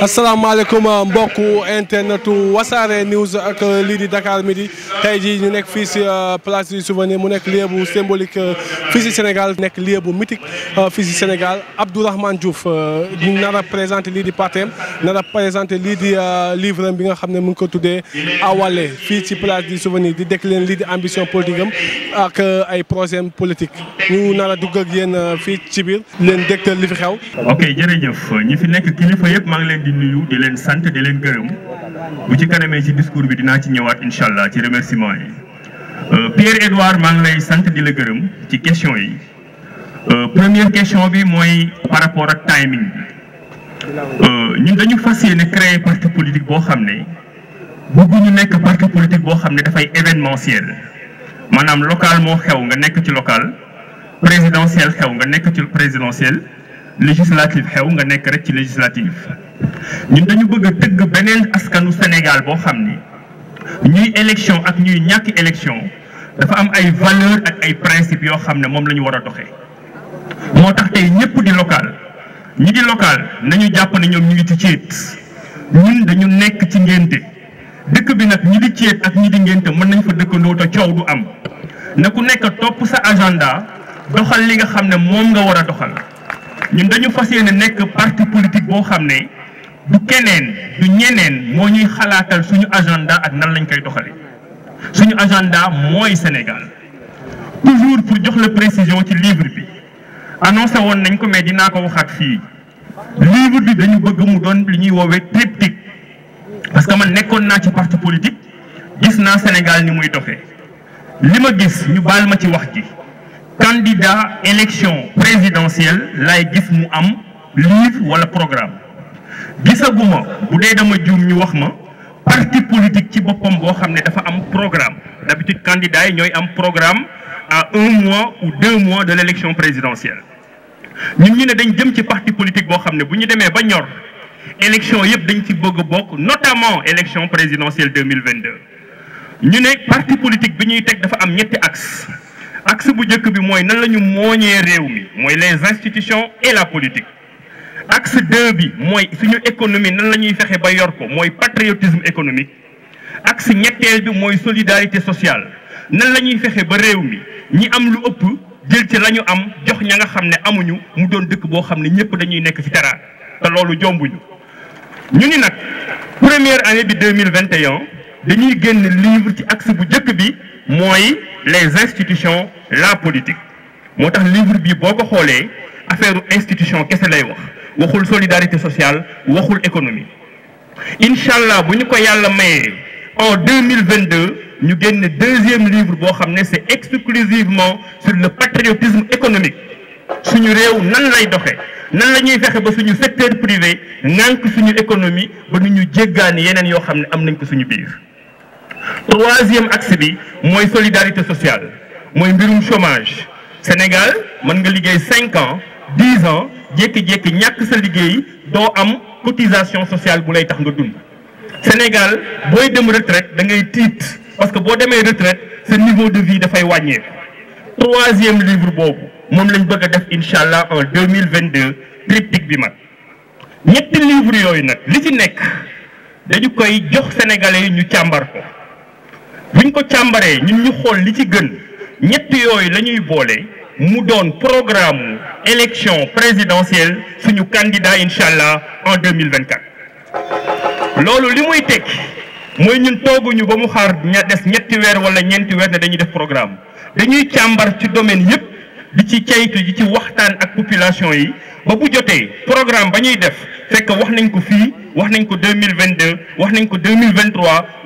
asalaamaaleykum euh, mbokku internetu wasaare news ak euh, lii di Dakar midi tey jii ñu nekk fii si euh, place du souvenir mu nekk lieu bu symbolique fii si Sénégal nekk lieu bu mythique fii si Sénégal Abdourahmane Diouf ñu nar a présenté lii di partem nar a présenté lii di livre bi nga xam ne mu ngi ko tuddee Awalé fii ci place di souvenir di décliner lii di ambition politique am ak ay projet politique ñu nar a dugg yéen fii ci biir leen dégtal li fi xew. di nuyu di leen sant di leen gërëm bu ci kanamee ci discours bi dinaa ci ñëwaat incha allah ci remerciement yi euh, Pierre Edouard maa lay sant di la gërëm ci question yi euh, première question bi mooy par rapport ak timing bi euh, ñun dañu fas yéene créer parti politique boo xam ne bëgguñu nekk parti politique boo xam ne dafay événementiel maanaam local moo xew nga nekk ci local présidentiel xew nga nekk ci présidentiel législative xew nga nekk rek ci législative ñun dañu bëgg a tëgg beneen askanu Sénégal boo xam ni ñuy élection ak ñuy ñàkk élection dafa am ay valeur ak ay principe yoo xam ne moom lañu ñu war a doxee moo tax tey ñëpp di local ñi di local nañu jàpp ñoom ñu ngi ci céet ñun dañu nekk ci ngénte dëkk bi nag ñi di céet ak ñi di ngénte mën nañ fa dëkkandoo te coow du am na ku nekk topp sa agenda doxal li nga xam ne moom nga war a doxal ñu dañu fas yéene nekk parti politique boo xam ne du keneen du ñeneen moo ñuy xalaatal suñu agenda ak nan lañ koy doxale suñu agenda mooy Sénégal toujours pour jox la précision ci livre bi annoncé woon nañ ko mais dinaa ko waxaat fii livre bi dañu bëgg mu doon li ñuy woowee triptyque parce que man nekkoon naa ci parti politique gis naa Sénégal ni muy doxee li ma gis ñu baal ma ci wax ji candidat élection présidentielle laay gis mu am livre wala programme gisaguma bu dee dama juum ñu wax ma parti politique ci boppam boo xam ne dafa am programme d'habitude candidats yi ñooy am programme à un mois ou deux mois de l'élection présidentielle ñun ñu ne dañ jëm ci parti politique boo xam ne bu ñu demee ba ñor élection yëpp dañ ci bëgg a bokk notamment élection présidentielle 2022 ñu ne parti politique bi ñuy teg dafa am ñetti axe axe bu njëkk bi mooy nan la ñu mooñee réew mi mooy les institutions et la politique axe deux bi mooy suñu économie nan la ñuy fexe ba yor mooy patriotisme économique axe ñetteel bi mooy solidarité sociale nan la ñuy fexe ba réew mi ñi am lu ëpp jël ci la ñu am jox ña nga xam ne amuñu mu doon dëkk boo xam ne ñëpp dañuy nekk ci terrain te loolu jombuñu ñu ni nag première année bi 2021 dañuy génn livre ci axe bu jëkk bi mooy les institutions la politique moo tax livre bi boo ko xoolee affaire institution kese lay wax waxul solidarité sociale waxul économie incha allah bu ñu ko yàlla mayee en deux mille vingt deux ñu génne deuxième livre boo xam ne c'est exclusivement sur le patriotisme économique suñu réew nan lay doxe nan la ñuy fexe ba suñu secteur privé ngànk suñu économie ba nu ñu jéggaani yeneen yoo xam ne am nañ ko suñu biir troisième axe bi mooy solidarité sociale mooy mbirum chômage Sénégal mën nga liggéey cinq ans dix ans jékki-jékki ñàkk sa liggéey doo am cotisation sociale bu lay tax nga dund Sénégal booy dem retraite da ngay tiit parce que boo demee retraite sa niveau de vie dafay wàññeeku troisième livre boobu moom lañ bëgg a def incha allah en deux mille vingt deux triptyque bi mag ñetti livre yooyu nag li ci nekk dañu koy jox sénégalais yi ñu càmbar ko. buñ ko càmbaree ñun ñu xool li ci gën ñett yooyu la ñuy boole mu doon programme élection présidentielle suñu candidat incha allah en 2024 loolu li muy tekki mooy ñun tooguñu ba mu xaar ña des ñetti weer wala ñeenti weer ne dañuy def programme dañuy càmbar ci domaine yépp di ci caytu di ci waxtaan ak population yi ba bu jotee programme ba ñuy def fekk wax nañ ko fii wax nañ ko deux mille vingt deux wax nañ ko deux mille vingt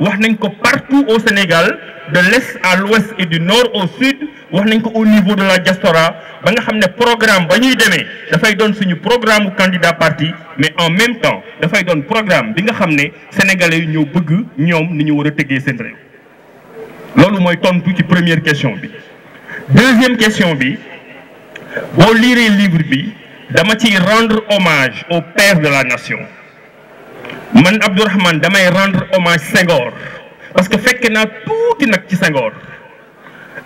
wax nañ ko partout au Sénégal de l'est à l'ouest et du nord au sud wax nañ ko au niveau de la diaspora ba nga xam ne programme ba ñuy demee dafay doon suñu programme candidat parti mais en même temps dafay doon programme bi nga xam ne sénégalais yi ñëw bëgg ñoom ni ñu war a tëggee seen réew loolu mooy tontu ci première question bi deuxième question bi boo liiree livre bi dama ciy rendre hommage au père de la nation man Abdourahmane damay rendre hommage Senghor parce que fekke naa tuuti nag ci Senghor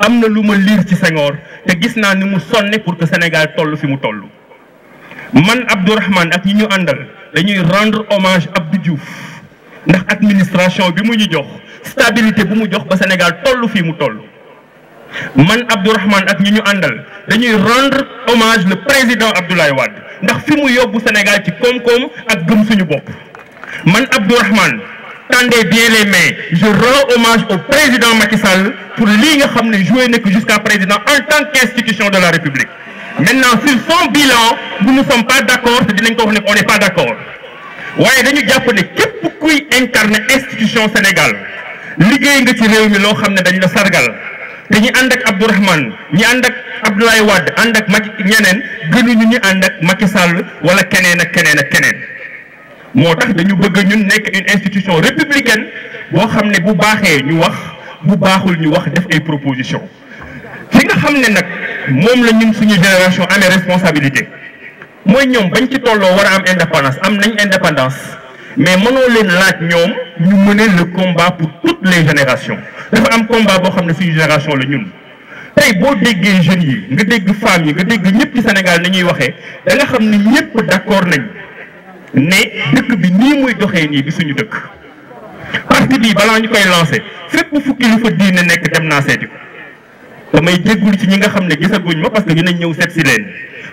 am na lu ma liir ci Senghor te gis naa ni mu sonne pour que Sénégal toll fi mu toll man Abdourahmane ak ñi ñu àndal dañuy rendre hommage Abdou Diouf ndax administration bi mu ñu jox stabilité bu mu jox ba Sénégal toll fii mu toll man Abdourahmane ak ñi ñu àndal dañuy rendre hommage le président Abdoulaye Wade ndax fi mu yóbbu Sénégal ci koom-koom ak gëm suñu bopp man Abdourahmane tendez bien les mains je rends hommage au président Macky Sall pour lii nga xam ne joué na ko jusqu'à président en tant qu'institution de la République maintenant sur son bilan nous ne sommes pas d'accord te dinañ ko wax ne on pas d'accord waaye dañu jàpp képp kuy incarner institution Sénégal liggéey nga ci réew mi loo xam ne dañu la sargal te ñi ànd ak Abdourahmane ñi ànd ak Abdoulaye Wade ànd ak Macky ñeneen gënuñu ñu ànd ak Macky Sall wala keneen ak keneen ak keneen moo tax dañu bëgg ñun nekk une institution républicaine boo xam ne bu baaxee ñu wax bu baaxul ñu wax def ay proposition fi nga xam ne nag moom la ñun suñu génération amee responsabilité mooy ñoom bañ ci tolloo war a am indépendance am nañ indépendance mais mënoo leen laaj ñoom ñu mener le combat pour toutes les générations dafa am combat boo xam ne suñu génération la ñun tey boo déggee jeunes yi nga dégg femmes yi nga dégg ñëpp Sénégal ni ñuy waxee da nga xam ne ñëpp d'accord nañ ne dëkk bi nii muy doxee nii di suñu dëkk parti bii balaa ñu koy lancé fépp fukki lu fa diine nekk dem naa seeti ko damay jéggul ci ñi nga xam ne gisaguñ ma parce que dinañ ñëw seet si leen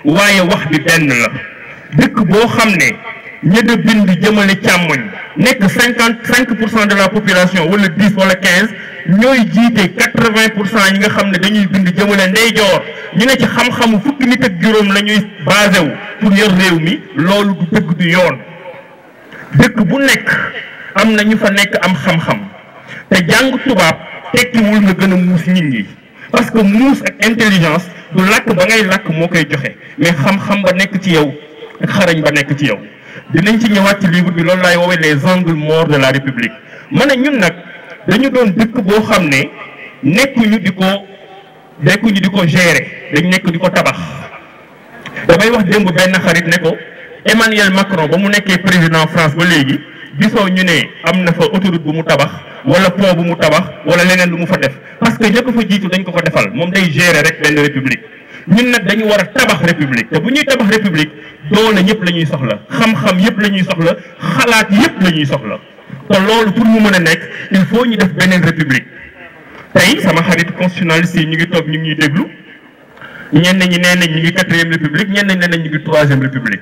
waaye wax bi benn la dëkk boo xam ne ña da bind jëmale càmmoñ nekk cinquante cinq pour cent de la population wala dix wala quinze ñooy jiite quatre vingt pour cent yi nga xam ne dañuy bind jëmale ndeyjoor ñu ne ci xam-xamu fukki nit ak juróom la ñuy basé wu pour yor réew mi loolu du dëgg du yoon dëkk bu nekk am na ñu fa nekk am xam-xam te jàng tubaab tekkiwul nga gën a muus nit ñi parce que muus ak intelligence du làkk ba ngay làkk moo koy joxe mais xam-xam ba nekk ci yow ak xarañ ba nekk ci yow. dinañ ci ñëwaat ci livre bi loolu laay woowee les angles morts de la république ma ne ñun nag dañu doon dëkk boo xam ne ñu di ko ñu di ko gérer dañ nekk di ko tabax damay wax démb benn xarit ne ko Emmanuel Macron ba mu nekkee président France ba léegi gisoo ñu ne am na fa autoroute bu mu tabax wala po bu mu tabax wala leneen lu mu fa def parce que ña ko fa jiitu dañ ko ko defal moom day gérer rek benn république ñun nag dañu war a tabax république te bu ñuy tabax république doole ñëpp la ñuy soxla xam-xam yëpp la ñuy soxla xalaat yëpp la ñuy soxla te loolu pour mu mën a nekk il faut ñu def beneen république tey sama xarit constitutionnaliste yi ñu ngi toog ñu ngi ñuy déglu ñenn ñi nee nañ ñu ngi quatrième république ñenn ñi nee nañ ñu ngi troisième république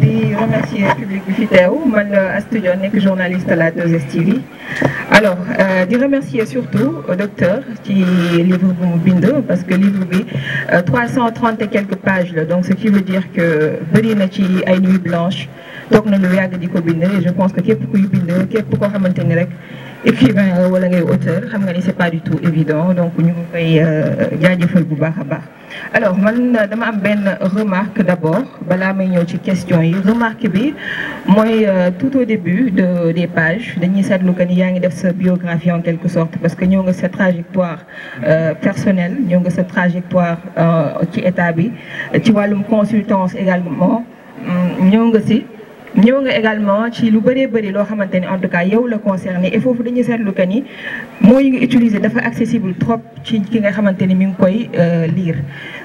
di remercier public bi fi teew man la euh, Astou Dione nekk journaliste à la 2STV alors euh, di remercier surtout euh, docteur ci livre bu mu bind parce que livre bi 330 et quelques pages la donc ce qui veut dire que bëri na ci ay nuits blanches toog na lu yàgg di ko bind et je pense que képp kuy bind képp koo xamante ni rek. écrivain nga wala ngay xam nga ni c'est pas du tout évident donc ñu ngi koy euh, jaajëfal bu baax a baax alors man dama am benn remarque d'abord balaa may ñëw ci question yi remarque bi mooy euh, tout au début de des pages dañuy seetlu que ni yaa ngi def sa biographie en quelque sorte parce que ñëw nga sa trajectoire euh, personnelle ñëw nga sa trajectoire ci état bi ci wàllum consultance également ñëw nga si ñëw nga également ci lu bëree bëri loo xamante ni en tout cas yow la concerné et foofu dañuy seetlu que ni mooy yi nga utilisé dafa accessible trop ci ki nga xamante ni mi ngi koy euh, liir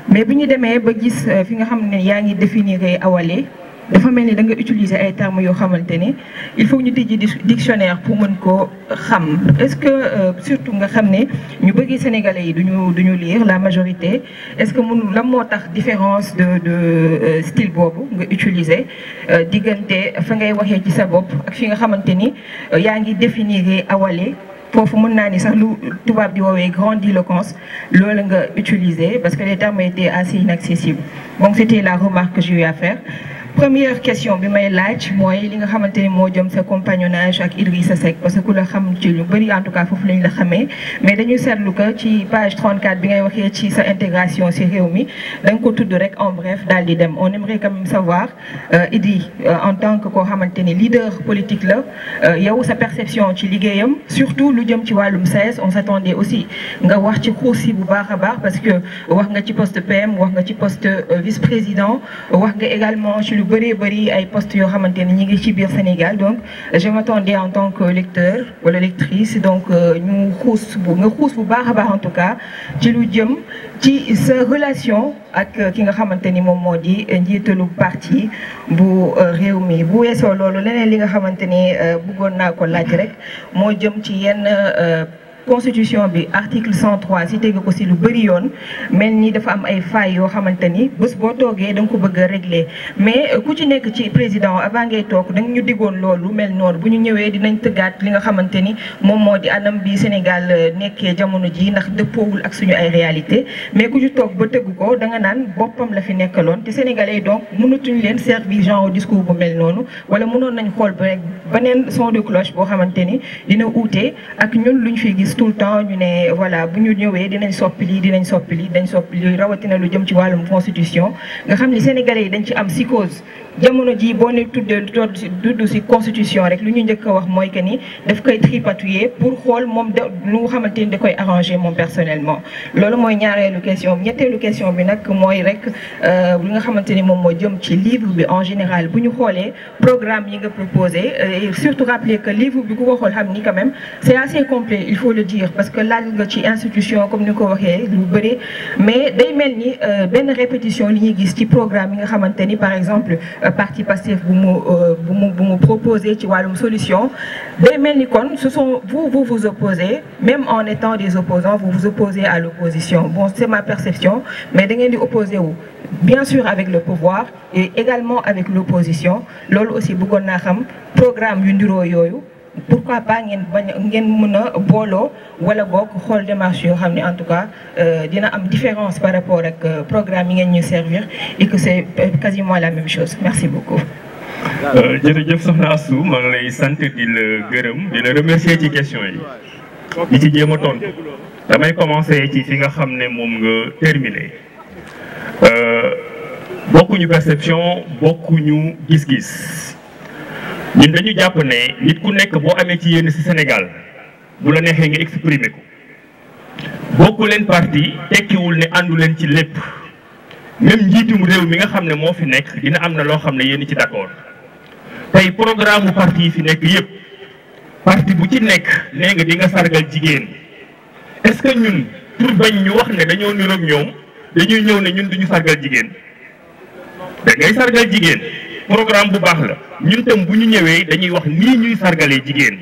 mais bu ñu demee ba gis euh, fi nga xam ne yaa ngi définir awale dafa mel ni da nga utiliser ay termes yoo xamante ni il faut ñu tijji dictionnaire pour mën koo xam est-ce que euh, surtout nga xam ne ñu bëggee sénégalais yi duñu duñu liir la majorité est-ce que mënu lan moo tax différence de euh, style boobu nga utiliser euh, diggante fa ngay waxee ci sa bopp ak fi nga xamante ni yaa ngi définir awale foofu mën naa ni sax lu tubaab di woowee grandiloquence loolu nga utiliser parce que les termes étaient assez inaccessibles donc à faire première question bi may laaj mooy li nga xamante ni moo jëm sa compagnonnage ak Idrissa Seck parce que ku la xam ci lu bëri en tout cas foofu lañ la xamee mais dañu seetlu que ci page bi ngay waxee ci sa intégration si réew mi da nga ko tudd rek en bref dal di dem on aimerait quand même savoir euh, Idi euh, en tant que koo xamante ni leader politique la euh, yow sa perception ci liggéeyam surtout lu jëm ci wàllum SAES on s'attendait aussi nga wax ci xuus bu baax a baax parce que wax nga ci poste PM wax nga ci poste vice président bëree bari ay postes yoo xamante ni ñu ngi ci biir Sénégal donc je m'attendais en tant que lecteur wala lectrice donc euh, ñu xuus bu nga xuus bu baax a baax en tout cas ci lu jëm ci sa relation ak euh, ki nga xamante ni moom moo di njiitalu parti bu euh, réew mi bu weesoo loolu leneen li nga xamante ni bëggoon naa ko laaj rek moo jëm ci yenn. constitution bi article 103 si tegu ko si lu bëri yoon mel ni dafa am ay failles yoo xamante ni bés boo toogee da ko bëgg a régler mais euh, ku ci nekk ci président avant ngay toog danga nga ñu diggoon loolu mel noonu bu ñu ñëwee dinañ tëggaat li nga xamante ni moom moo di anam bi Sénégal euh, nekkee jamono ji ndax dëppoowul ak suñu ay réalité mais ku ci toog ba tëgg ko da nga naan boppam la fi nekkaloon te sénégalais donc mënatuñ leen servir genre discours bu mel noonu wala mënoon nañ xool ba rek beneen son de cloche boo xamante ni dina uute ak ñun luñ fiy gis tout le temps ñu ne voilà bu ñu ñëwee dinañ soppi lii dinañ soppi lii dañ soppi lii rawatina lu jëm ci wàllum constitution nga xam ni sénégalais yi dañ ci am psychose jamono ji boo ne tuddee dudd si constitution rek lu ñu njëkk a wax mooy que ni daf koy tripatouiller pour xool moom da lu xamante ni da koy arranger moom personnellement. loolu mooy ñaareelu question ñetteelu question bi nag mooy rek euh, li xamante ni moom moo jëm ci livre bi en général bu ñu xoolee programme yi nga proposé euh, surtout rappeler que livre bi ku ko xool xam ni quand même c'est assez complet il faut le dire parce que laal nga ci institution comme ni ko waxee lu bëri mais day mel ni euh, benn répétition li ñuy gis ci programme yi nga xamante ni par exemple. Euh, parti Pastef bu mu euh, bu mu bu mu proposé ci wàllum solution day mel ni kon ce sont vous vous vous opposez même en étant des opposants vous vous opposez à l'opposition bon c'est ma perception mais da ngeen di opposé wu bien sûr avec le pouvoir et également avec l'opposition loolu aussi bëggoon naa xam programme yu ndiroo yooyu pourquoi pas ngeen bañ ngeen mën a booloo wala boog xool démarche yoo xam ne en tout cas euh, dina am différence par rapport ak euh, programme yi ngeen ñu servir et que c'est quasiment la même chose merci beaucoup. Euh, jërëjëf soxna Astou maa ngi lay sant di la gërëm di la remercier ci question yi di ci jéem a tontu damay commencer ci fi nga xam ne moom nga terminer bokkuñu perception bokkuñu gis-gis. ñun dañu jàpp ne nit ku nekk boo amee ci yéen ci Sénégal bu la neexee nga exprimer ko bokk leen parti tekkiwul ne àndu leen ci lépp même njiitum réew mi nga xam ne moo fi nekk dina am na loo xam ne yéen ci d'accord tey programme parti yi fi nekk yépp parti bu ci nekk nee nga di nga sargal jigéen est-ce que ñun pour ñu wax ne dañoo niroog ñoom dañuy ñëw ne ñun duñu sargal jigéen da ngay sargal jigéen programme bu baax la ñun tam bu ñu ñëwee dañuy wax nii ñuy sargalee jigéen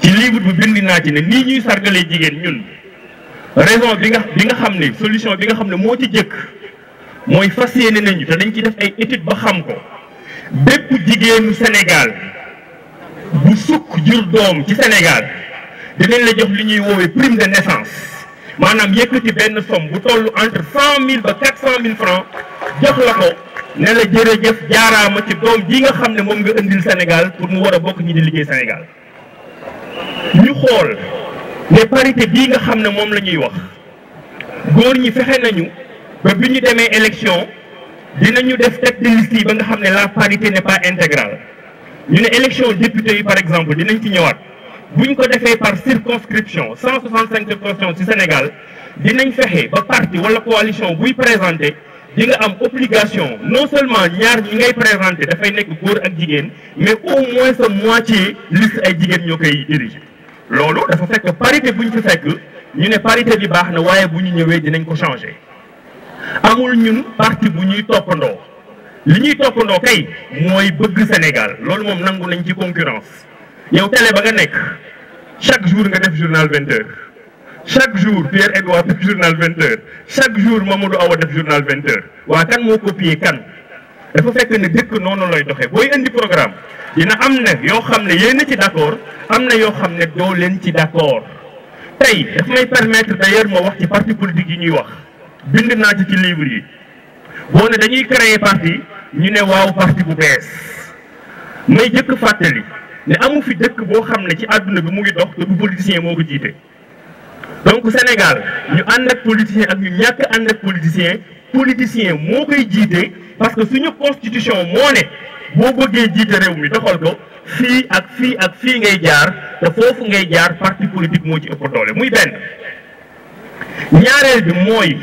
ci livre bu bind naa ci ne nii ñuy sargalee jigéen ñun raison bi nga bi nga xam ne solution bi nga xam ne moo ci jëkk mooy fas yéene nañu te dañ ci def ay étude ba xam ko bépp jigéenu Sénégal bu sukk jur doom ci Sénégal dinañ la jox li ñuy woowee prime de naissance maanaam yëkkati benn somme bu toll entre cent mille ba quatre cent mille francs jox la ko ne la jërëjëf jaaraama ci doom bii nga xam ne moom nga indil Sénégal pour mu war a bokk ñi di liggéey Sénégal ñu xool ne parité bii nga xam ne moom la ñuy wax góor ñi fexe nañu ba bi ñu demee élection dinañu def tête de liste yi ba nga xam ne la parité n'est pas intégrale ñu ne élection député yi par exemple dinañ ci ñëwaat bu ñu ko defee par circonscription 165 circonscription ci Sénégal dinañ fexe ba parti wala coalition buy présenté li nga am obligation non seulement ñaar ñi ngay présenté dafay nekk góor ak jigéen mais au moins sa moitié liste ay jigéen ñoo koy diriger loolu dafa fekk parité bu ñu fi fekk ñu ne parité bi baax na waaye bu ñu ñëwee dinañ ko changer amul ñun parti bu ñuy toppandoo li ñuy toppandoo kay mooy bëgg Sénégal loolu moom nangu nañ ci concurrence yow télé ba nga nekk chaque jour nga def journal 20 heures chaque jour Pierre Edouard def journal 20 heures chaque jour Mamadou Awa def journal 20 waa kan moo copier kan dafa fekk ne dëkk noonu lay doxee booy indi programme dina am ne yoo xam ne yéen ci d'accord am na yoo xam ne doo leen ci d'accord tey daf may permettre d'ailleurs ma wax ci parti politique yi ñuy wax bind naa ci ci yi boo ne dañuy créer parti ñu ne waaw parti bu bees may jëkk fàttali ne amu fi dëkk boo xam ne ci àdduna bi mu ngi dox te bu politicien donc Sénégal ñu ànd ak politicien ak ñu ñàkk ànd ak politicien politicien moo koy jiite parce que suñu constitution moo ne boo bëggee jiite réew mi doxal ko fii ak fii ak fii ngay jaar te foofu ngay jaar parti politique moo ci ëpp doole muy benn ñaareel bi mooy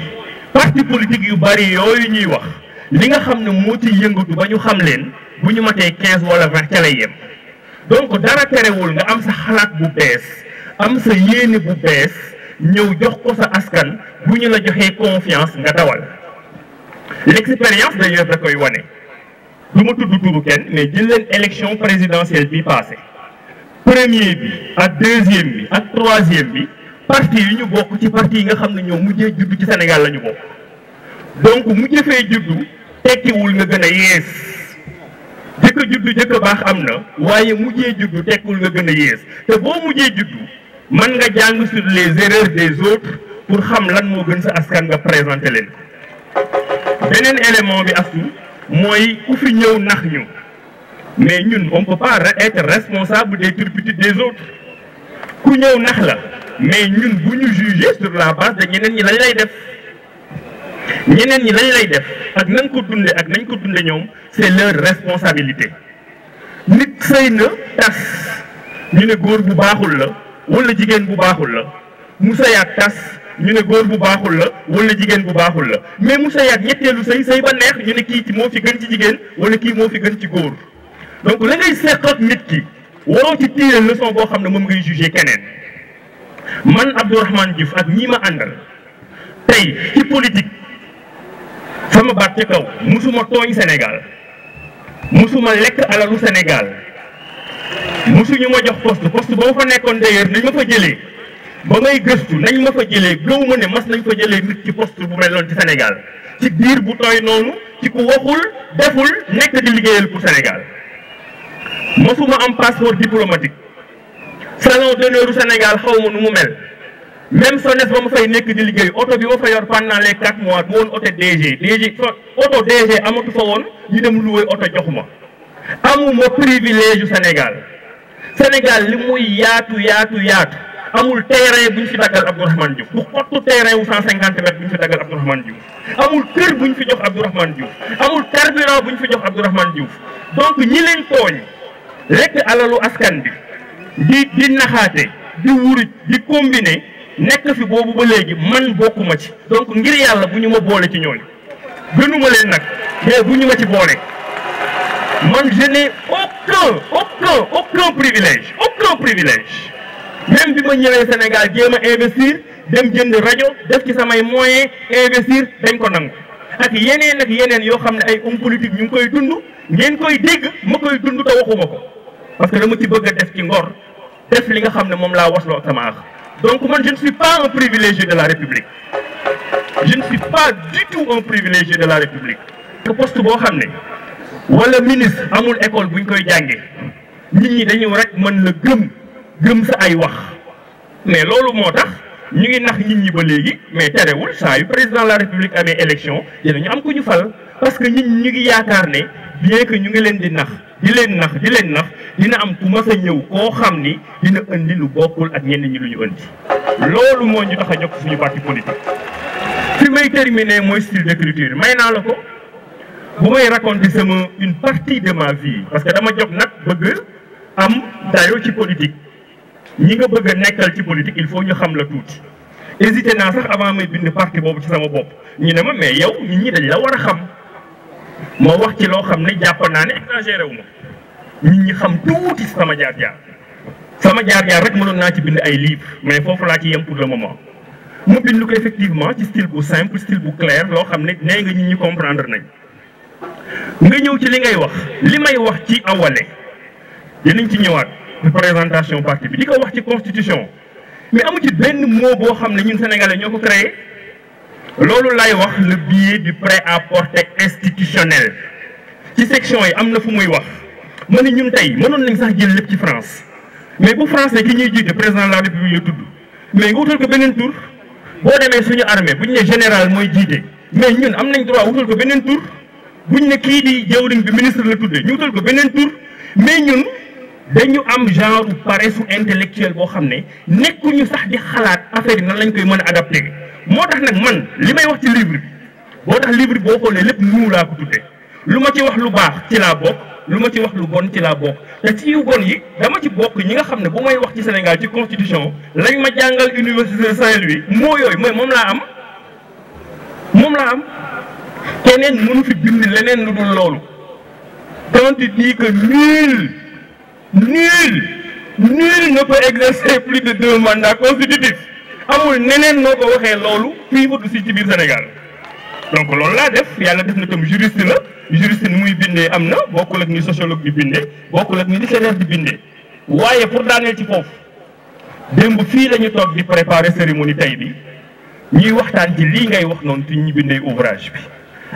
parti politique yu bari yooyu ñuy wax li nga xam ne moo ci yëngatu ba ñu xam leen bu ñu matee quinze wala vingt ca lay yem donc dara terewul nga am sa xalaat bu bees am sa yéene bu bees ñëw jox ko sa askan bu ñu la joxee confiance nga dawal l'expérience d'ailleurs da koy wane lu ma tudd turu kenn mais jël leen élection présidentielle bi passé premier bi ak deuxième bi ak troisième bi parti yi ñu bokk ci parti yi nga xam ne ñoo mujjee juddu ci Sénégal la ñu bokk donc mu jëfee juddu tekkiwul nga gën a yees jëkk juddu jëkk baax am na waaye mujjee juddu tekkiwul nga gën a yées te boo mujjee juddu man nga jàng sur les erreurs des autres pour xam lan moo gën sa askan nga présenté leen beneen élément bi astu mooy ku fi ñëw nax ñu mais ñun on peut pas être responsable des turpitudes des autres ku ñëw nax la mais ñun bu ñu juger sur la base de ñeneen ñi lañ lay def ñeneen ñi lañ lay def ak nañ ko dundee ak nañ ko dunde ñoom c'est leur responsabilité nit sëy na tas ñu ne góor bu baaxul la wala jigéen bu baaxul la mu sëyaat tas ñu ne góor bu baaxul la wala jigéen bu baaxul la mais mu sëyaat ñetteelu sëy sëy ba neex ñu ne kii moo fi gën ci jigéen wala kii moo fi gën ci góor donc la ngay seq ak a ki waroo boo xam ne moom ngay jugé keneen man Abdourahmane Diouf ak ñi ma àndal tey ci politique sama baat ci kaw musuma tooñ Sénégal musuma lekk alalu Sénégal musuñu ma jox poste poste boo fa nekkoon d'ailleurs nañ ma fa jëlee ba may gëstu nañ ma fa jëlee gëw ma ne mas nañ fa jëlee nit ci poste bu mel noonu ci Sénégal ci biir bu tooy noonu ci ku waxul deful nekk di liggéeyal pour Sénégal mosuma am passeport diplomatique salon d'honneur Sénégal xaw ma nu mu mel même SONES ba ma fay nekk di liggéey oto bi ma fa yor pendant les quatre mois du woon oto DG DG oto DG amatu fa woon ñu dem loué oto ma amuma privilège Sénégal Sénégal li muy yaatu yaatu yaatu amul terrain bu ñu fi daggal Abdourahmane Diouf bu xottu terrain wu cent cinquante mètres bu ñu fi daggal Abdourahmane Diouf amul kër bu ñu fi jox Abdourahmane Diouf amul carburant bu ñu fi jox Abdourahmane Diouf donc ñi leen tooñ lekk alalu askan bi di di naxaate di wuruj di combiner nekk fi boobu ba léegi man bokkuma ci donc ngir yàlla bu ñu ma boole ci ñooñu gënuma leen nag mais bu ñu ma ci boole man je n'ai aucun aucun aucun privilège aucun privilège même bi ma ñëwee Sénégal jéem a investir dem jënd rajo def ci samay moyens investir dañ ko nangu ak yeneen nag yeneen yoo xam ne ay hommes politiques ñu ngi koy dund ngeen koy dégg ma koy dund te waxuma ko parce que dama ci bëgg def ci ngor def li nga xam ne moom laa wasloo ak sama donc man je ne suis pas un privilégié de la République je ne suis pas du tout un privilégié de la République poste boo xam ne wala ministre amul école bu ñu koy jàngee nit ñi dañu rek mën na gëm gëm sa ay wax mais loolu moo tax ñu ngi nax nit ñi ba léegi mais terewul saa yu président la république amee élection dinañu am ko ñu fal parce que ñi ñu ngi yaakaar ne bien que ñu ngi leen di nax di leen nax di leen nax dina am ku mas a ñëw koo xam ni dina indi lu bokkul ak ñenn ñi lu ñu indi loolu moo ñu tax a jokk suñu parti politique fi may terminer mooy style d'écriture may naa la ko bu may raconter sama une partie de ma vie parce que dama jóg nag bëgg am dayo ci politique ñi nga bëgg a nekkal ci politique il faut ñu xam la tuuti hésité naa sax avant may bind parti boobu ci sama bopp ñu ne ma mais yow nit ñi dañ la war a xam ma wax ci loo xam ne jàpp naa ne exagéré wu ma nit xam tuuti sama jaar-jaar sama jaar-jaar rek mënoon naa ci bind ay livre mais foofu laa ci yem pour le moment mu bind ko effectivement ci style bu simple style bu loo xam ne nee nga nit ñi comprendre nañ nga ñëw ci li ngay wax li may wax ci Awalé dinañ ci ñëwaat présentation parti bi di ko wax ci constitution mais amu ci benn moo boo xam ne ñun sénégalais ñoo ko créé loolu lay wax le biais du prêt à porter institutionnel ci section yi am na fu muy wax ma ne ñun tey mënoon nañ sax jël lépp ci France mais bu français ki ñuy jiite président de la république la tudd mais nga wutal ko beneen tur boo demee suñu armée bu ñu ne général mooy jiite mais ñun am nañ buñ ne kii di jëwriñ bi ministre la tudde ñu wutal ko beneen tur mais ñun dañu am genre su intellectuelle boo xam ne nekkuñu sax di xalaat affaire yi nan lañ koy mën a adapté moo tax nag man li may wax ci livre bi boo tax libre boo xoolee lépp nuu laa ko tudde lu ma ci wax lu baax ci laa bokk lu ma ci wax lu bon ci laa bokk te ci yu bon yi dama ci bokk ñi nga xam ne bu may wax ci Sénégal ci constitution lañ ma jàngal université saint bi moo yooyu mooy moom laa am moom laa am keneen mënu fi bind leneen lu dul loolu quand tu dis que nul nul nul ne peut exercer plus de deux mandats constitutifs amul neneen noo ko waxee loolu fii watu si ci biir Sénégal donc loolu laa def yàlla def na tam juriste la juriste ni muy bindee am na bokkul ak ni sociologue di bindee bokkul ak ni littéraire di bindee waaye pour daaneel ci foofu démb fii la ñu toog di préparer cérémonie tey bi ñuy waxtaan ci lii ngay wax noonu te ñu bindee ouvrage bi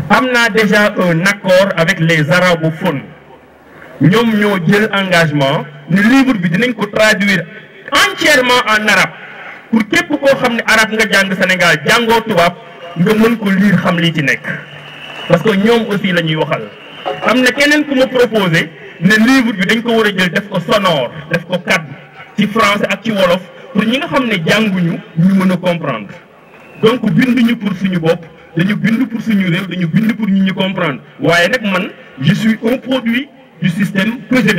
am naa déjà un accord avec les arabophones ñoom ñoo jël engagement ne livre bi dinañ ko traduire entièrement en arabe pour képp koo xam ne arabe nga jàng Sénégal jàngoo tubaab nga mën ko lire xam lii ci nekk parce que ñoom aussi la ñuy waxal am na keneen ku ma proposé ne livre bi dañ ko war a jël def ko sonore def ko kaddu ci français ak ci wolof pour ñi nga xam ne jànguñu ñu mën a comprendre donc binduñu pour suñu bopp dañu bind pour suñu réew dañu bind pour ñu ñu comprendre waaye nag man je suis un produit du système que je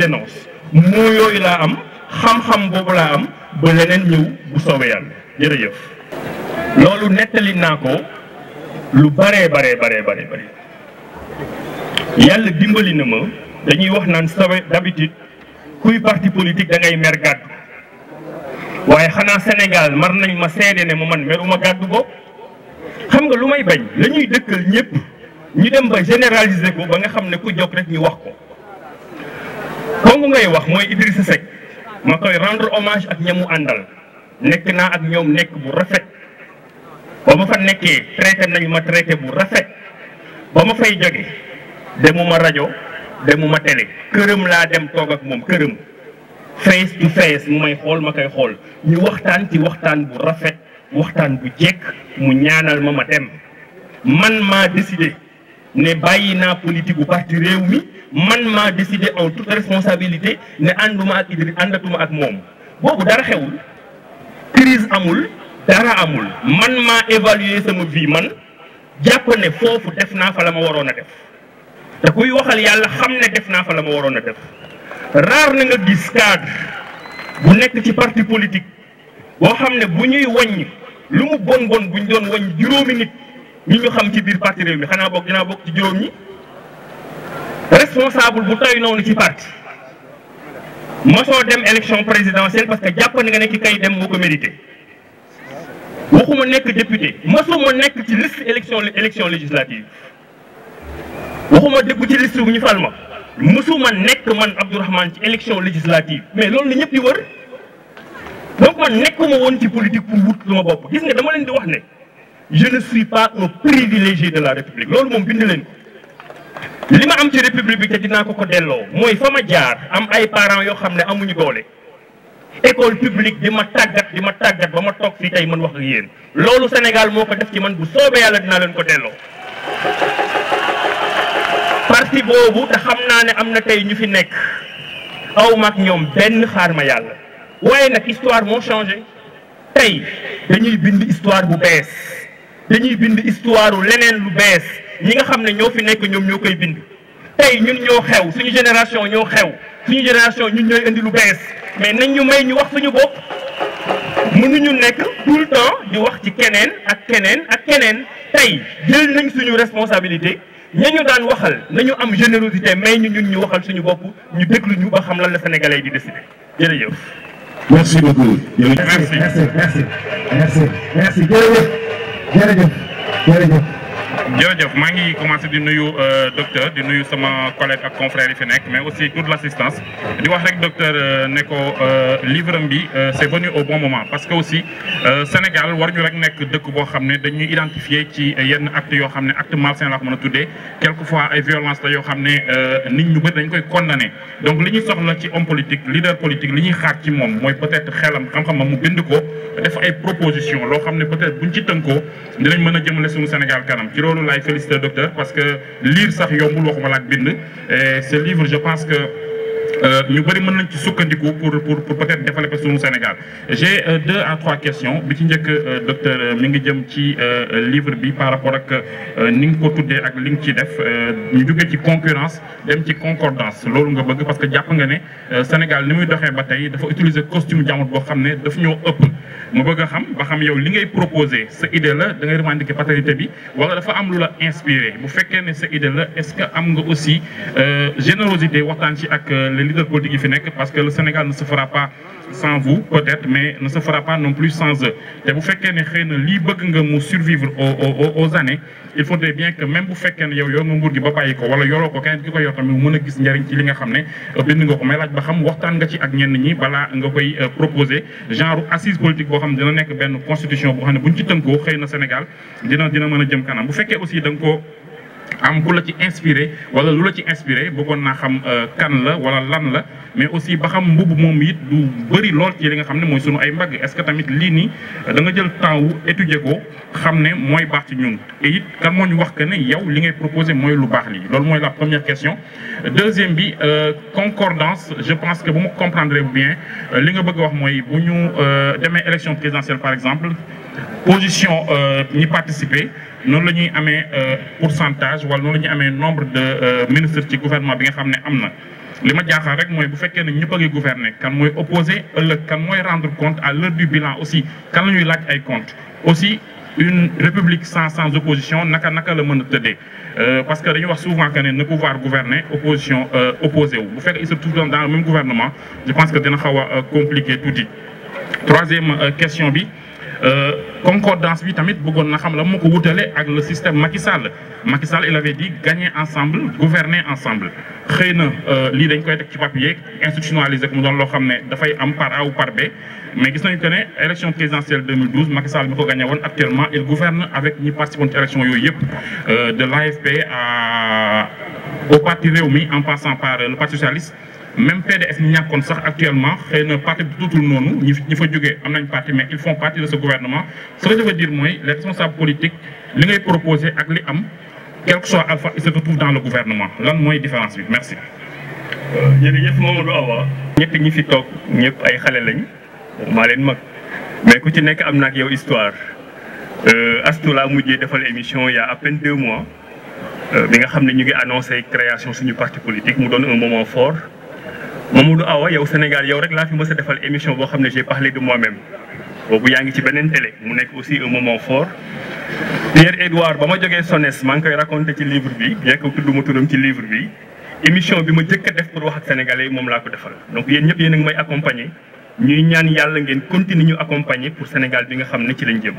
moo yooyu laa am xam-xam boobu laa am ba leneen ñëw bu soobee yàlla jërëjëf. loolu nettali naa ko lu baree baree baree baree bare yàlla dimbali na ma dañuy wax naan sawe d'habitude kuy parti politique da ngay mer gàddu waaye xanaa Sénégal mar nañ ma seede ne ma man meruma gàddu ko xam nga lu may bañ lañuy ñuy dëkkal ñëpp ñu dem ba généraliser ko ba nga xam ne ku jóg rek ñu wax ko kooku ngay wax mooy Idrissa Seck ma koy rendre hommage ak ñamu àndal nekk naa ak ñoom nekk bu rafet ba ma fa nekkee traité nañ ma traité bu rafet ba ma fay jóge ma rajo demuma télé këram laa dem toog ak moom këram face to face mu may xool ma koy xool ñu waxtaan ci waxtaan bu rafet waxtaan bu jekk mu ñaanal ma ma dem man maa décidé ne bàyyi naa politique bu parti réew mi man maa décidé en toute responsabilité ne ànduma ak Idriss àndatuma ak moom boobu dara xewul crise amul dara amul man ma évaluer sama vie man jàpp ne foofu def naa fa la ma waroon a def te kuy waxal yàlla xam ne def naa fa la ma waroon a def raar na nga gis cadre bu nekk ci parti politique boo xam ne bu ñuy wàññi lu mu bon bon bu ñu doon wàññi juróomi nit ñi ñu xam ci biir parti réew mi xanaa bokk dinaa bokk ci juróom ñi responsable bu toy noonu ci parti mosoo dem élection présidentielle parce que jàpp nga ne ki kay dem moo ko mérité waxuma nekk député mosuma nekk ci liste élection élection législative waxuma dëkk ci liste bu ñu fal ma mosuma nekk man Abdourahmane ci élection législative mais loolu la ñëpp wër donc man nekkuma woon ci politique pour wut lu ma bopp gis nga dama leen di wax ne je ne suis pas un privilégié de la république loolu moom bind leen ko li ma am ci république bi te dinaa ko ko delloo mooy fa ma jaar am ay parents yoo xam ne amuñu doole école publique di ma tàggat di ma tàggat ba ma toog fii tey man wax ak yéen loolu Sénégal moo ko def ci man bu soobee yàlla dinaa leen ko delloo parti boobu te xam naa ne am na tey ñu fi nekk aw ñoom benn xaar yàlla waaye nag histoire moo changé tey dañuy bind histoire bu bees dañuy bind histoire leneen lu bees ñi nga xam ne ñoo fi nekk ñoom ñoo koy bind tey ñun ñoo xew suñu génération ñoo xew suñu génération ñun ñooy indi lu bees mais nañ ñu may ñu wax suñu bopp mënuñu nekk tout le temps ñu wax ci keneen ak keneen ak keneen tey jël nañ suñu responsabilité ñañu daan waxal nañu am générosité may ñu ñun ñu waxal suñu bopp ñu déglu ñu ba xam lan la sénégalais di décider jërëjëf merci beaucoup. merci merci merci merci jërëjëf jërëjëf jërëjëf. jërëjëf maa ngi commencé di nuyu euh, docteur di nuyu sama collègue ak confrère yi fi nekk mais aussi toute l' assistance di wax rek docteur euh, ne ko euh, livre bi c' venu au bon moment parce que aussi Sénégal war ñu rek nekk dëkk boo xam ne dañuy identifier ci yenn acte yoo xam ne acte malsain laa ko mën a tuddee quelquefois ay violence la yoo xam ne nit ñu bëri dañ koy condamné donc li ñuy soxla ci homme politique leader politique li ñuy xaar ci moom mooy peut-être xelam xam-xamam mu bind ko def ay proposition loo xam ne peut-être buñ ci tënkoo dinañ mën a jëmale suñu Sénégal kanam loolu laay féliciter docteur parce que lire sax yombul waxuma la ak bind ce livre je pense que Euh, ñu bëri mën nañ ci sukkandiku pour pour pour peut-être développer suñu Sénégal j'ai euh, deux à trois questions bi ci njëkk euh, docteur mi ngi jëm ci livre bi par rapport ak ni nga ko tuddee ak li nga ci def ñu jógee ci concurrence dem ci concordance loolu nga bëgg parce que jàpp nga ne Sénégal li muy doxee ba tey dafa utiliser costume jamono boo xam ne daf ñoo ëpp mu bëgg a xam ba xam yow li ngay proposer sa idée la da ngay revendiquer paternité bi wala dafa am lu bu fekkee ne la leader politique yi fi nekk parce que le Sénégal ne se fera sans vous peut-être mais ne se fera non plus sans te bu fekkee ne xëy na lii bëgg nga mu survivre aux aux années il faudrait bien que même bu fekkee ne yow yor nga nguur gi ba bàyyi ko wala yoroo ko keneen ki ko yor tamit mu mën a gis njëriñ ci li nga xam ne euh, bind nga ko may laaj ba xam waxtaan nga ci ak ñenn ñi balaa nga koy euh, proposer genre assise politique boo xam ne dina nekk benn constitution boo xam ne buñ ci na Sénégal dina dina mën a jëm kanam bu fekkee aussi da ko am bu la ci inspiré wala lu la ci inspiré bëggoon naa xam euh, kan la wala lan la mais aussi ba xam mbubb moom it du bëri lool ci li nga xam ne mooy sunu ay mbagg est-ce que tamit lii nii euh, da jël temps wu étudier ko xam ne mooy baax ci ñun te it kan moo ñu wax que ne yow li ngay proposé mooy lu baax li loolu mooy la première question deuxième bi euh, concordance je pense que bu ma comprendre bien li nga bëgg wax mooy bu ñu demee élection présidentielle par exemple position ñi participer noonu la ñuy amee euh, pourcentage wala noonu la ñuy amee nombre de euh, ministres ci gouvernement bi nga xam ne am na li ma jaaxal rek mooy bu fekkee ne ñëpp a ngi gouverner kan mooy kan mooy rendre compte à l'heure du bilan aussi kan la ñuy laaj ay compte aussi une république sans sans opposition naka naka la mën a tëddee euh, parce que dañuy wax souvent que ne na pouvoir gouverner opposition opposé wu bu fekkee il se trouve dans le même gouvernement je pense que dina xaw a compliqué tuuti question bi Euh, concordance bi tamit bëggoon na xam la moo ko wutale ak le système Macky Sall Macky Sall il avait dit gagner ensemble gouverner ensemble xëy na euh, lii dañ koy teg ci papier institutionnalisé ko mu doon loo xam ne dafay am par A par B mais gis nañu que ne élection présidentielle 2012 Macky Sall mi ko gagné woon actuellement il gouverne avec ñi participé woon ci élection yooyu yëpp euh, de l'AFP à au parti mi en passant par le parti socialiste même PDS ñu ñàkkoon sax actuellement xëy na parti bi tuutul noonu ñi ñi fa jógee am nañ parti mais ils font partie de ce gouvernement ce que je veux dire mooy les responsables li ngay proposé ak li am quel que al Alpha il se retrouve dans le gouvernement lool mooy différence bi merci. Euh, jërëjëf Mamadou Awa. ñett ñi fi toog ñëpp ay xale lañ maa leen mag mais ku ci nekk am na ak yow histoire euh, Astou laa mujjee defal émission il y a à deux mois euh, bi nga xam ne ñu ngi annoncé création suñu parti politique mu doon un moment Mamadou Awa yow Sénégal yow rek laa fi mës a defal émission boo xam ne j'ai parlé de moi-même boobu yaa ngi ci beneen télé mu nekk aussi un moment fort. Pierre Edouard ba ma jógee SONES maa ngi koy raconté ci livre bi bien que tudd ma turam ci livre bi émission bi ma jëkk a def pour wax ak sénégalais yi moom laa ko defal donc yéen ñëpp yéen a ngi may accompagner ñuy ñaan yàlla ngeen continuer ñu accompagner pour Sénégal bi nga xam ne ci lañ jëm.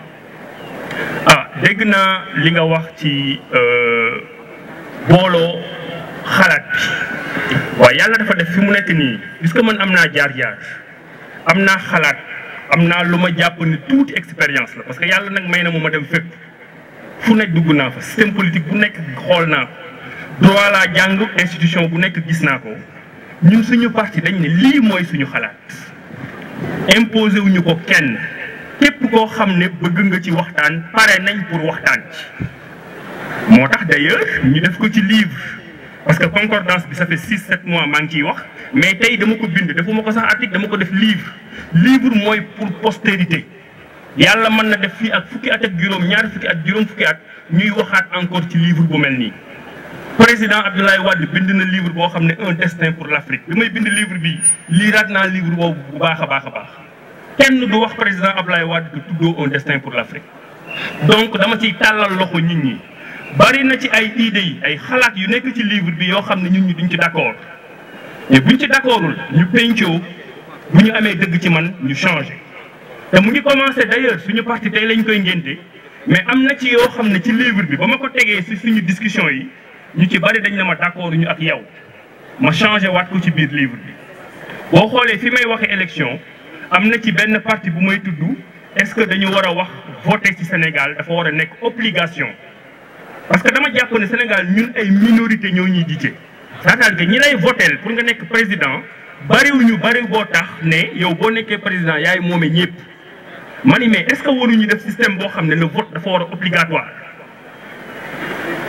ah dégg naa li nga wax ci euh, xalaat bi yàlla dafa def fi mu nekk nii gis nga man am naa jaar-jaar am naa xalaat am naa lu ma jàpp ni tuuti expérience la parce que yàlla nag may na mu ma dem fépp fu nekk dugg naa fa système politique bu nekk xool naa ko droit laa jàng institution bu nekk gis naa ko ñun suñu parti dañ ne lii mooy suñu xalaat imposé wuñu ko kenn képp koo xam ne bëgg nga ci waxtaan pare nañ pour waxtaan ci moo tax d'ailleurs ñu def ko ci livre parce que concordance bi sa fait six sept mois maa ngi ciy wax mais tey dama ko bind defuma ko sax article dama ko def livre livre mooy pour postérité yàlla mën na def fii ak fukki at ak juróom ñaari fukki at juróom fukki at ñuy waxaat encore ci livre bu mel nii. président Abdoulaye Wade bind na livre boo xam ne un destin pour l' Afrique may bind livre bi liiraat naa livre boobu bu baax a baax a baax kenn du wax président Abdoulaye Wade du tuddoo un destin pour l' nit ñi. bari na ci ay idées yi ay xalaat yu nekk ci livre bi yoo xam ne ñun ñu duñ ci d'accord mais buñ ci d'accordul ñu pencoo bu ñu amee dëgg ci man ñu change te mu ngi commencé d'ailleurs suñu parti tey lañu koy ngénte mais am na ci yoo xam ne ci livre bi ba ma ko tegee si suñu discussion yi ñu ci bari dañ na ma d'accord ñu ak yow ma changé waat ko ci biir livre bi boo xoolee fi may waxee élection am na ci benn parti bu may tudd est-ce que dañu war a wax voter ci Sénégal dafa war a nekk obligation parce que dama jàpp ne Sénégal ñun ay minorité ñoo ñuy jiite c'est-à-dire ñi lay votel pour nga nekk président bariwuñu bariw boo tax ne yow boo nekkee président yaay moome ñëpp ma ni mais est-ce que waruñu def système boo xam ne le vote dafa war a obligatoire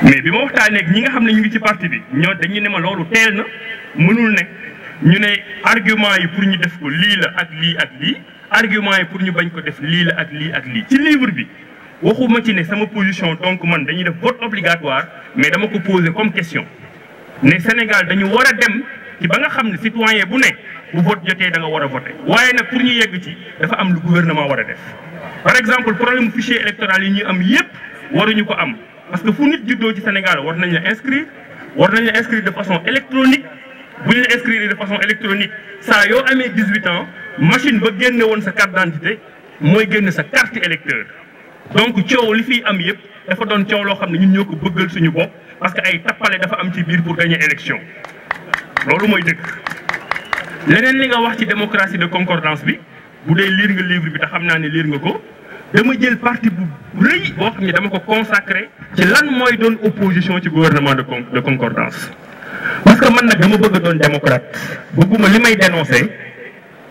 mais bi ma waxtaanee ak ñi nga xam ne ñu ngi ci parti bi ñoo dañu ne ma loolu teel na mënul nekk ñu ne argument yi pour ñu def ko lii la ak lii ak lii argument yi pour ñu bañ ko def lii la ak lii ak lii ci livre bi waxuma ci ne sama position donc man dañuy def vote obligatoire mais dama ko poser comme question ne Sénégal dañu war a dem ci ba nga xam ne citoyen bu ne bu vote jotee da nga war a voter waaye nag pour ñu yegg ci dafa am lu gouvernement war a def par exemple problème fichier électoral yi ñu am yépp waruñu ko am parce que fu nit juddoo ci Sénégal war nañ la inscrire war nañ la inscrire de façon électronique bu ñu la inscrire de façon électronique saa yoo amee 18 ans machine ba génne woon sa carte d'identité mooy génne sa carte électeur donc coow li fi am yëpp dafa doon coow loo xam ne ñun ñoo ko bëggal suñu bopp parce que ay tappale dafa am ci biir pour gagner élection loolu mooy dëgg leneen li nga wax ci démocratie de concordance bi bu dee liir nga livre bi te xam naa ne liir nga ko dama jël parti bu rëy boo xam ne dama ko consacré ci lan mooy doon opposition ci gouvernement de de concordance parce que man nag dama bëgg a doon démocrate bëgguma li may dénoncé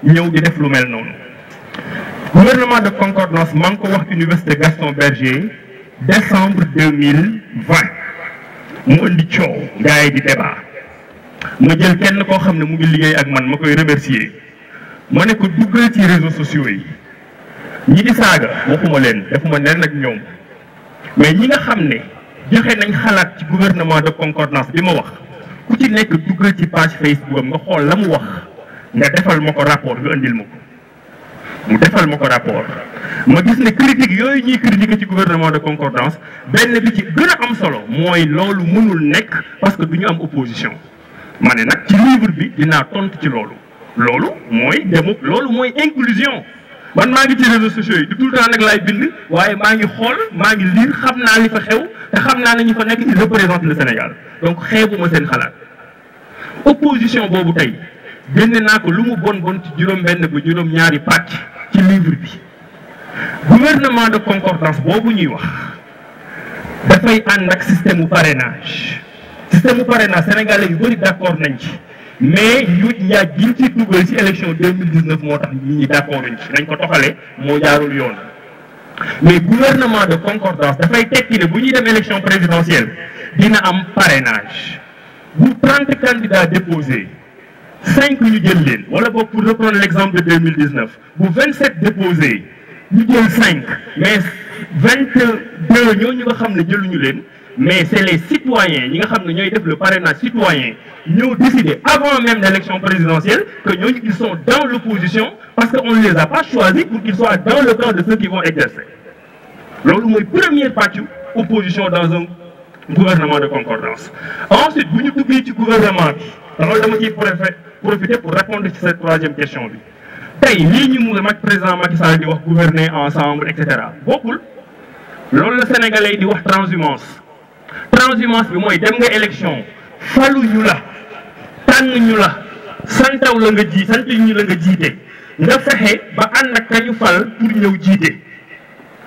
ñëw di def lu mel noonu gouvernement de concordance maa ngi ko wax université Gaston Berger décembre deux mille vingt mu indi coow gars yi di débat ma jël kenn koo xam ne mu ngi liggéey ak man ma koy remercier ma ne ko duggal ci réseaux sociaux yi ñi di saaga waxuma leen ma leen ak ñoom mais ñi nga xam ne joxe nañ xalaat ci gouvernement de concordance bi ma wax ku ci nekk duggal ci page Facebook nga xool la mu wax nga defal ma ko rapport nga indil ma ko. mu defal ma ko rapport ma gis ne critique yooyu ñuy critiquer ci gouvernement de concordance benn bi ci gën a am solo mooy loolu mënul nekk parce que du ñu am opposition ma ne nag ci livre bi dina tontu ci loolu loolu mooy demo loolu mooy inclusion man maa ngi ci réseaux sociaux yi du tout le temps laay bind waaye maa ngi xool maa ngi liir xam naa li fa xew te xam naa ne ñu fa nekk ils représentent le Sénégal donc xeebuma seen xalaat opposition boobu tey benn naa ko lu mu bon bon ci juróom-benn bu juróom-ñaari pàcc ci livre bi gouvernement de concordance boobu ñuy wax dafay ànd ak système mu parrainage système mu parrainage sénégalais yu bëri d' accord nañ ci mais yuuj njaaj giñ ci dugal ci élection 2019 moo tax nit ñi d' accord nañ ci nañ ko toxalee moo jaarul yoon mais gouvernement de concordance dafay tekki ne bu ñuy dem élection présidentielle dina am parrainage bu 30 candidats déposés cinq ñu jël leen wala boog pour reprendre l' exemple de deux mille dix neuf bu vingt sept déposé ñu jël cinq mais vingt deux ñooñu nga xam ne jëluñu leen mais c' est les citoyens ñi nga xam ne ñooy def le parrainage citoyen ñoo décidé avant même l' élection présidentielle que ñooñu ils sont dans l' parce que on ne les a pas choisis pour qu'ils soient dans le camp de ceux qui vont exercer loolu mooy première pàccu opposition dans un gouvernement de concordance ensuite profiter pour répondre ci cette troisième question bi tey lii ñu mu mag président Macky Sall di wax gouverner ensemble et cetera bokkul loolu la sénégalais di wax transhumance transhumance bi mooy dem nga élection falu ñu la tànn ñu la santaw la nga ji sant ñu la nga jiite nga fexe ba ànd ak kañu fal pour ñëw jiite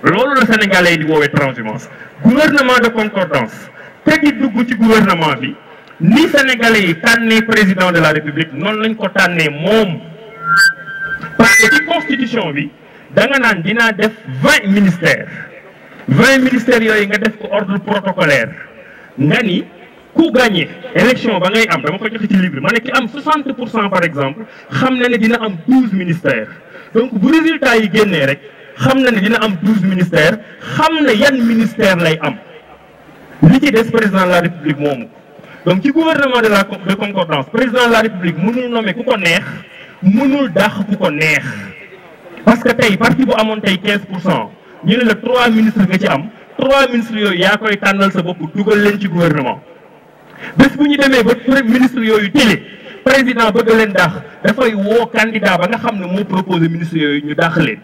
loolu la sénégalais di woowee transhumance gouvernement de concordance te di ci gouvernement bi ni sénégalais yi tànnee président de la république noonu lañ ko tànnee moom parce que ci constitution bi da naan dinaa def vingt ministères vingt ministères yooyu nga def ko ordre protocolaire nga ni ku gagné élection ba ngay am dama ko joxe ci livre ma ne ki am 60 pour cent par exemple xam na ne dina am douze ministère donc bu résultat yi génnee rek xam na ni dina am douze ministère xam na yan ministère lay am li ci des président de la république moomu donc ci gouvernement de la de concordance président de la république mënul nommer ku ko neex mënul dàq ku ko neex parce que tey parti bu amoon tey 15 pour cent ñu ne la trois ministres nga ci am trois ministres yooyu yaa koy tànnal sa bopp dugal leen ci gouvernement bés bu ñu demee ba ministre yooyu télé président bëgg leen dàq dafay woo candidat ba nga xam ne moo proposé ministre yooyu ñu dàq leen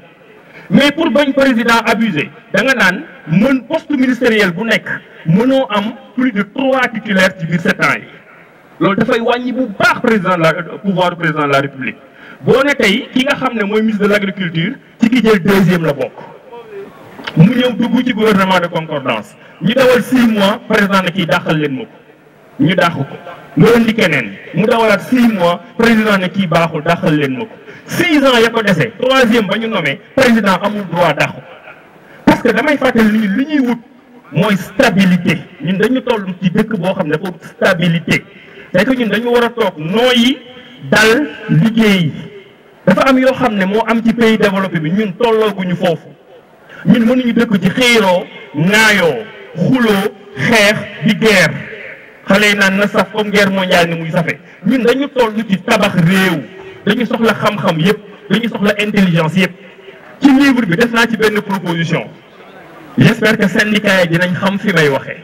mais pour bañ président abusé da nga naan mën poste ministériel bu nekk mënoo am plus de trois titulaires ci biir sept ans yi loolu dafay wàññi bu baax président la pouvoir du président de la république boo ne tey ki nga xam ne mooy ministre de l' agriculture ci ki jël deuxième la bokk mu ñëw dugg ci gouvernement de concordance ñu dawal six mois président na kii dàqal leen ma ñu dàq ko nga di keneen mu dawalaat 6 mois président ne kii baaxul dàqal leen ma ko 6 ans ya ko dese troisième ba ñu nommé président amul droit dàq ko parce que damay fàttali ni li ñuy wut mooy stabilité ñun dañu tollu ci dëkk boo xam ne dafa stabilité c'est que ñun dañu war a toog nooyi dal liggéey dafa am yoo xam ne moo am ci pays développé bi ñun tollooguñu foofu ñun mënuñu dëkk ci xiiroo ŋaayoo xuloo xeex di guerre xale yi naan na saf comme guerre mondiale ni muy safe ñun dañu toll ci tabax réew dañu soxla xam-xam yëpp dañu soxla intelligence yëpp ci livre bi def naa ci benn proposition j'espère que syndicat yi dinañ xam fi may waxee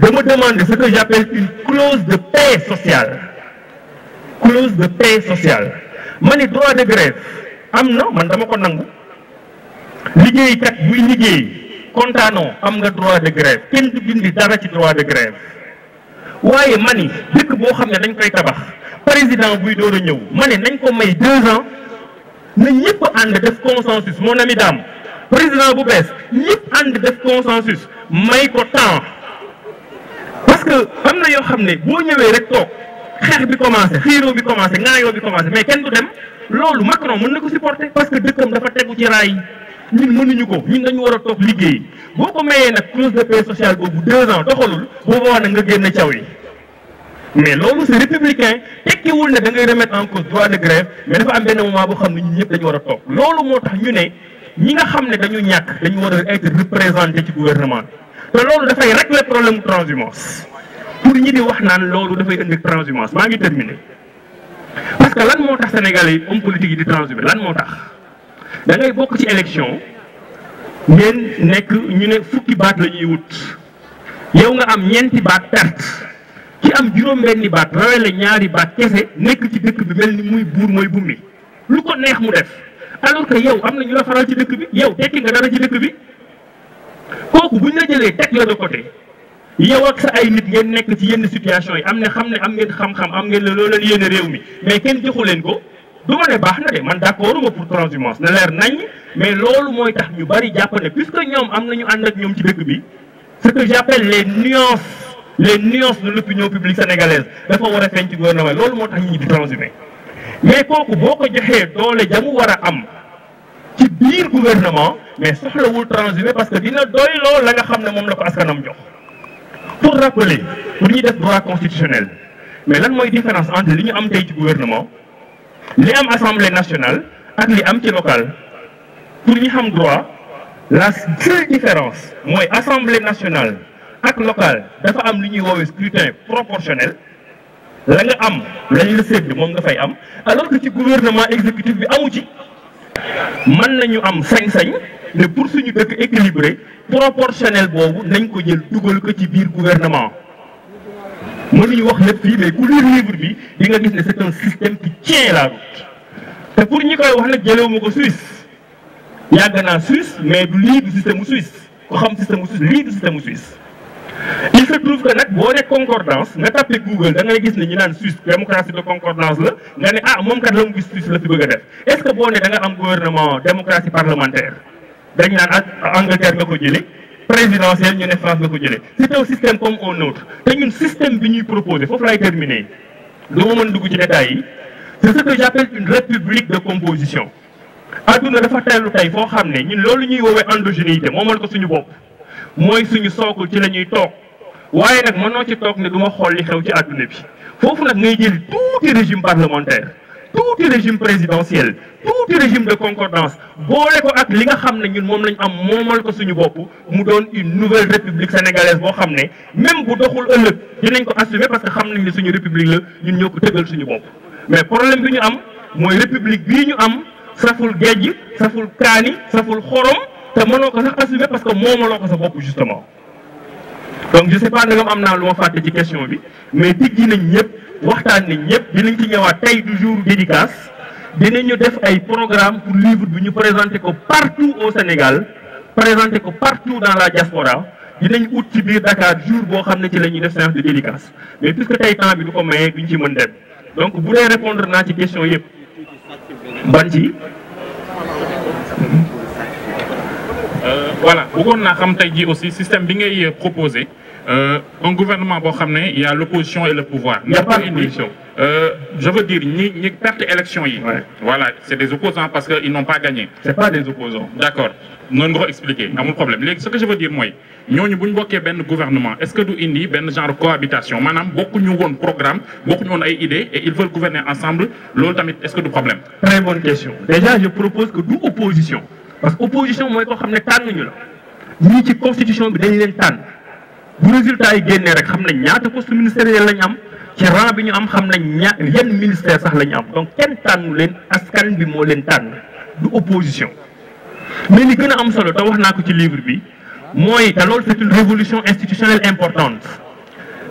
dama demander ce que j'appelle une clause de paix sociale clause de paix sociale ma ne de grève am na man dama ko nangu liggéeykat buy liggéey kontaanoo am nga droit de grève kenn du bindi dara ci droit de grève waaye ma yi dëkk boo xam ne dañ koy tabax président buy door a ñëw ma ne nañ ko may deux ans na ñëpp ànd def consensus moo ami daam président bu bees ñëpp ànd def consensus may ko temps parce que am na yoo xam ne boo ñëwee rek toog xeex bi commencé xiiroo bi commencé ŋaayoo bi commencé mais kenn du dem loolu Macron mën na ko supporter parce que dëkkam dafa tegu ci raay ñun mënuñu ko ñun dañu war a toog liggéey boo ko mayee nag clause de paix sociale boobu deux ans doxalul boobu wax na nga génn caw yi mais loolu c'est républicain tekkiwul ne da ngay remettre en cause droit de grève mais dafa am benn moment boo xam ne ñun ñëpp dañu war a loolu moo tax ñu ne ñi nga xam ne dañu ñàkk dañu war a être représenté ci gouvernement bi te loolu dafay régler problème transhumance pour ñi di wax naan loolu dafay indi transhumance maa ngi terminé parce que lan moo tax Sénégalais yi homme politique yi di transhumé lan moo tax da ngay bokk ci élection ngeen nekk ñu ne fukki baat la ñuy wut yow nga am ñeenti baat perte ci am juróom-benni baat rawe la ñaari baat kese nekk ci dëkk bi mel ni muy buur mooy bummi lu ko neex mu def alors que yow am na ñu la faral ci dëkk bi yow tekki nga dara ci dëkk bi kooku buñ la jëlee teg la de côté yow ak sa ay nit ngeen nekk ci yenn situation yi am ne xam ne am ngeen xam-xam am ngeen la loo leen réew mi mais kenn joxu leen ko. du ma ne baax na de man d'accord ma pour transhumance na leer nañ mais loolu mooy tax ñu bari jàpp ne que ñoom am nañu ànd ak ñoom ci dëkk bi ce que j'appelle les nuances les nuances de l'opinion publique sénégalaise dafa war a feeñ ci gouvernement loolu moo tax ñi di transhumer mais kooku boo ko joxee doole ja war a am ci biir gouvernement mais soxlawul transhumer parce que dina doy lool la nga xam ne moom la ko askanam jox pour rappeler pour ñu def droit constitutionnel mais lan mooy différence li ñu am tey ci gouvernement li am assemblée nationale ak li am ci local pour ñu xam droit la seule différence mooy assemblée nationale ak local dafa am lu ñuy woowee scrutin proportionnel la nga am lañ la sédd moom nga am alors que ci gouvernement exécutif bi amu ci mën nañu am sañ-sañ ne pour suñu dëkk équilibré proportionnel boobu nañ ko jël dugal ko ci biir gouvernement mënuñu wax lépp fii mais ku lire livre bi li nga gis ne c'est un système qui tient la route te pour ñi koy wax nag jëlewuma ko Suisse yàgg naa Suisse mais du lii du système mu Suisse ku xam système mu Suisse lii du système Suisse. il se trouve que nag boo ne concordance nga tapé Google da gis ne ñu naan Suisse démocratie de concordance la nga ne ah moom kat la mu gis Suisse la fi bëgg a def est-ce que boo ne da nga am gouvernement démocratie parlementaire dañu naan ah, Angleterre nga ko jëlee. présidentielle ñu ne France la ko jëlee c'est un système comme un autre te ñun système bi ñuy proposé foofu laay terminer du ma mën dugg ci détails yi c'est ce que j'appelle une république de composition adduna dafa teelu tey foo xam ne ñun loolu ñuy woowee moom moomal ko suñu bopp mooy suñu sookul ci la ñuy toog waaye nag mënoo ci toog ne du ma xool li xew ci adduna bi foofu nag ngay jël tuuti régime parlementaire tuuti régime présidentiel tuuti régime de concordance boole ko ak li nga xam ne ñun moom lañ am moomal ko suñu bopp mu doon une nouvelle république sénégalaise boo xam ne même bu doxul ëllëg dinañ ko assumer parce que xam nañ ne suñu république la ñun ñëw ko tëggal suñu bopp. mais problème bi ñu am mooy république bii ñu am saful géej saful kaani saful xorom te mënoo ko sax assumer parce que moomaloo ko sa bopp justement. donc je sais pas ndegam am naa lu ma fàtte ci question bi mais tijji nañ ñëpp waxtaan nañ ñëpp dinañ ci ñëwaat tey du jour dédicace dinañu def ay programme pour livre bi ñu présenter ko partout au Sénégal présenter ko partout dans la diaspora dinañ wut ci biir Dakar jour boo xam ne ci la ñuy def séance de dédicace mais que tey temps bi du ko maye duñ ci mën dem donc bu dee répondre naa ci question yëpp ban ci Euh, voilà bëggoon naa xam tey jii aussi système bi ngay euh, proposé euh, un gouvernement boo xam ne y a l'opposition et le pouvoir. y a pas d'opposition. je veux dire ñi perte élection yi. voilà c'est des opposants parce que ils n'ont pas gagné. c'est pas des opposants. d'accord noonu nga ko expliquer amul problème ce que je veux dire mooy ñooñu bu ñu bokkee benn gouvernement est-ce que du indi benn genre cohabitation maanaam bokkuñu woon programme bokkuñu woon ay idées et ils veulent loolu tamit est-ce que parce que opposition mooy koo xam ne tànn ñu la ñii ci constitution bi dañu leen tànn bu résultat yi génnee rek xam nañ ñaata poste ministériel lañ am ci rang bi ñu am xam nañ ña yan ministère sax la ñu am donc kenn tànnu leen askan bi moo leen tànn du opposition. mais li gën a am solo te wax naa ko ci livre bi mooy te loolu c'est une révolution institutionnelle importante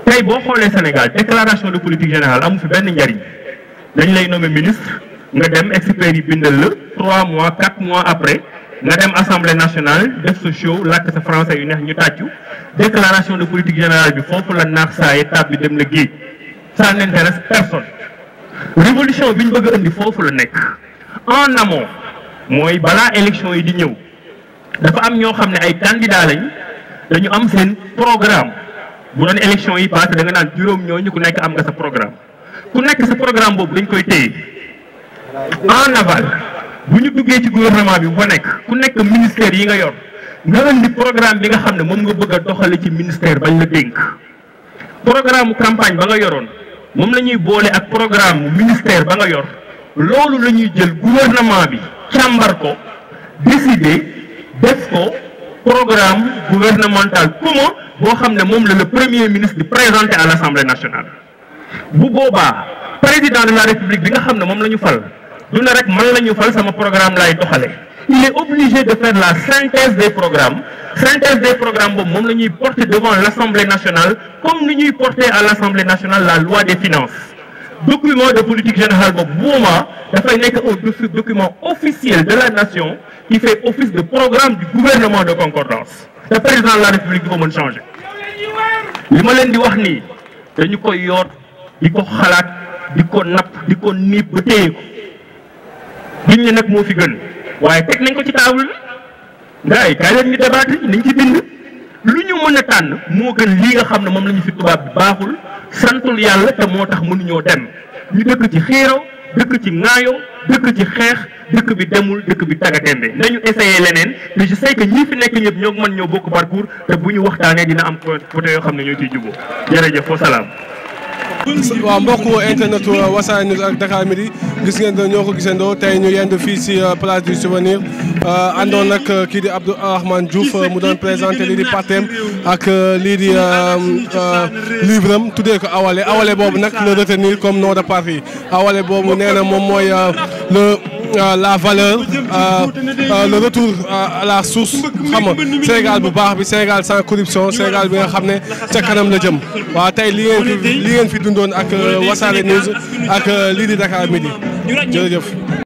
tey boo xoolee Sénégal déclaration de politique générale amu fi benn njariñ dañ lay nommer ministre nga dem experts yi bindal la trois mois quatre mois après. nga dem assemblée nationale def sa show làkk sa français yu neex ñu tàccu déclaration de politique générale bi foofu la naax saa yi bi dem la géej sa n'intéresse personne révolution bi ñu bëgg indi foofu la nekk en amont mooy balaa élection yi di ñëw dafa am ñoo xam ne ay candidat lañ dañu am seen programme bu doon élection yi passé da nga juróom juróom ñu ku nekk am nga sa programme ku nekk sa programme boobu dañ koy téye en aval bu ñu duggee ci gouvernement bi bu nekk ku nekk ministère yi nga yor nga indi programme bi nga xam ne moom nga bëgg a doxale ci ministère bañ la dénk programme campagne ba nga yoroon moom la ñuy boole ak programme ministère ba nga yor loolu la ñuy jël gouvernement bi càmbar ko décider def ko programme gouvernemental commun boo xam ne moom la premier ministre di présenter à l' bu boobaa président de la république bi nga xam ne moom la ñu fal du na rek man la ñu fal sama programme laay doxale il est obligé de faire la synthèse des programmes synthèse des programmes boobu moom la ñuy porter devant l'Assemblée nationale comme ni ñuy porter à l'Assemblée nationale la loi des finances document de politique générale boobu bu boobaa dafay nekk un document officiel de la nation qui fait office de programme du gouvernement de concordance de la république du ko mën changer li ma leen di wax nii dañu koy yor di ko xalaat di ko napp di ko niib ba ko duñ ne nag moo fi gën waaye teg nañ ko ci table bi gars yi kaay leen ñu débattre nañ ci bind lu ñu mën a tànn moo gën lii nga xam ne moom la ñu fi tubaab bi baaxul santul yàlla te moo tax mënuñoo dem ñu dëkk ci xiiro dëkk ci ŋaayo dëkk ci xeex dëkk bi demul dëkk bi tagatémbe nañu essayé leneen te je sais que ñii fi nekk ñëpp ñoo mën ñoo bokk parcours te bu ñu waxtaanee dina am côté yoo xam ne ñoo ciy jubóo jërëjëf wa salaam waaw mbokku internet uh, Wassare News ak Dakar Midi gis ngeen ñoo ko gisandoo tey ñu yend fii si uh, place du souvenir uh, àndoon nag kii di Abdou Rahmane Diouf mu doon présenté lii di partem ak lii di um, livre am tuddee ko awale awale boobu nag le retenir comme nom de parti awale boobu nee moom mooy le Euh, la valeur euh, euh, le retour la source xam nga Sénégal bu baax bi Sénégal sans corruption Sénégal bi nga xam ne ca kanam la jëm waaw tey li fi li ngeen fi dundoon ak Wassare News ak lii di Dakar Midi jërëjëf.